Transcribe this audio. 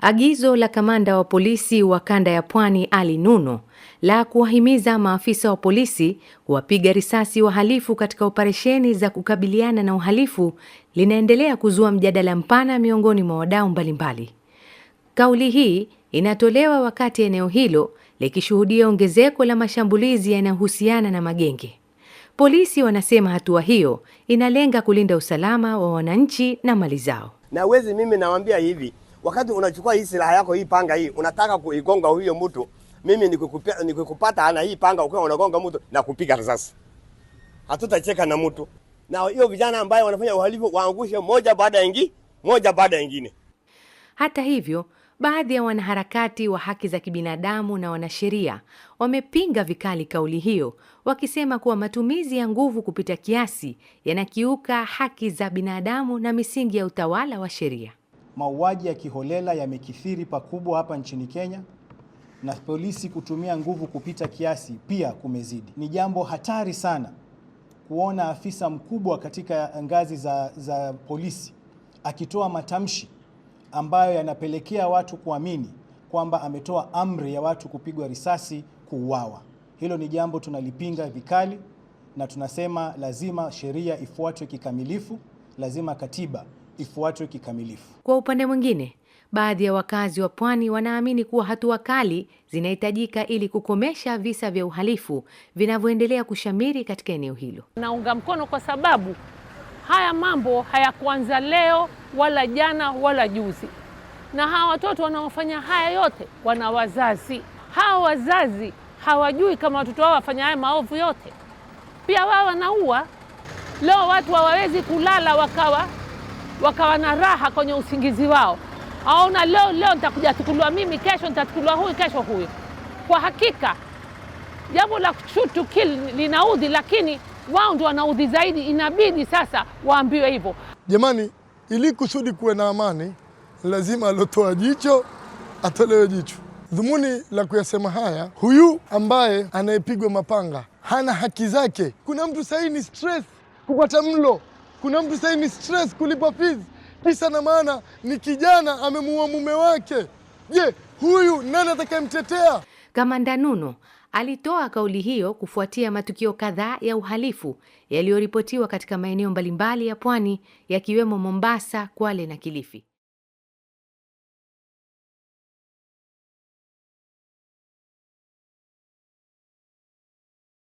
Agizo la kamanda wa polisi wa kanda ya Pwani Ali Nuno la kuwahimiza maafisa wa polisi kuwapiga risasi wahalifu katika operesheni za kukabiliana na uhalifu linaendelea kuzua mjadala mpana miongoni mwa wadau mbalimbali. Kauli hii inatolewa wakati eneo hilo likishuhudia ongezeko la mashambulizi yanayohusiana na magenge. Polisi wanasema hatua hiyo inalenga kulinda usalama wa wananchi na mali zao. Na wezi mimi nawaambia hivi wakati unachukua hii silaha yako hii panga hii unataka kuigonga huyo mtu, mimi nikikupata ana hii panga ukiwa unagonga mtu na kupiga risasi, hatutacheka na mtu. Na hiyo vijana ambaye wanafanya uhalifu waangushe moja baada ya ingi moja baada ya ingine. Hata hivyo baadhi ya wanaharakati wa haki za kibinadamu na wanasheria wamepinga vikali kauli hiyo, wakisema kuwa matumizi ya nguvu kupita kiasi yanakiuka haki za binadamu na misingi ya utawala wa sheria mauaji ya kiholela yamekithiri pakubwa hapa nchini Kenya na polisi kutumia nguvu kupita kiasi pia kumezidi. Ni jambo hatari sana kuona afisa mkubwa katika ngazi za, za polisi akitoa matamshi ambayo yanapelekea watu kuamini kwamba ametoa amri ya watu kupigwa risasi kuuawa. Hilo ni jambo tunalipinga vikali na tunasema lazima sheria ifuatwe kikamilifu, lazima katiba ifuatwe kikamilifu. Kwa upande mwingine, baadhi ya wakazi wa pwani wanaamini kuwa hatua kali zinahitajika ili kukomesha visa vya uhalifu vinavyoendelea kushamiri katika eneo hilo. Naunga mkono kwa sababu haya mambo hayakuanza leo wala jana wala juzi, na hawa watoto wanaofanya haya yote wana wazazi. Hawa wazazi hawajui kama watoto wao wafanya haya maovu yote, pia wao wanaua. Leo watu hawawezi kulala wakawa wakawa na raha kwenye usingizi wao. Aona leo leo nitakuja tukulua mimi, kesho nitatukulua huyu, kesho huyu. Kwa hakika jambo la kuchutu kili linaudhi, lakini wao ndio wanaudhi zaidi. Inabidi sasa waambiwe hivyo. Jamani, ili kusudi kuwe na amani, lazima alotoa jicho atolewe jicho. Dhumuni la kuyasema haya, huyu ambaye anayepigwa mapanga hana haki zake. Kuna mtu sahii ni stress kupata mlo kuna mtu sasa ni stress kulipa fees, kisa na maana ni kijana amemuua mume wake. Je, huyu nani atakayemtetea? Kamanda Nuno alitoa kauli hiyo kufuatia matukio kadhaa ya uhalifu yaliyoripotiwa katika maeneo mbalimbali ya pwani yakiwemo Mombasa, Kwale na Kilifi.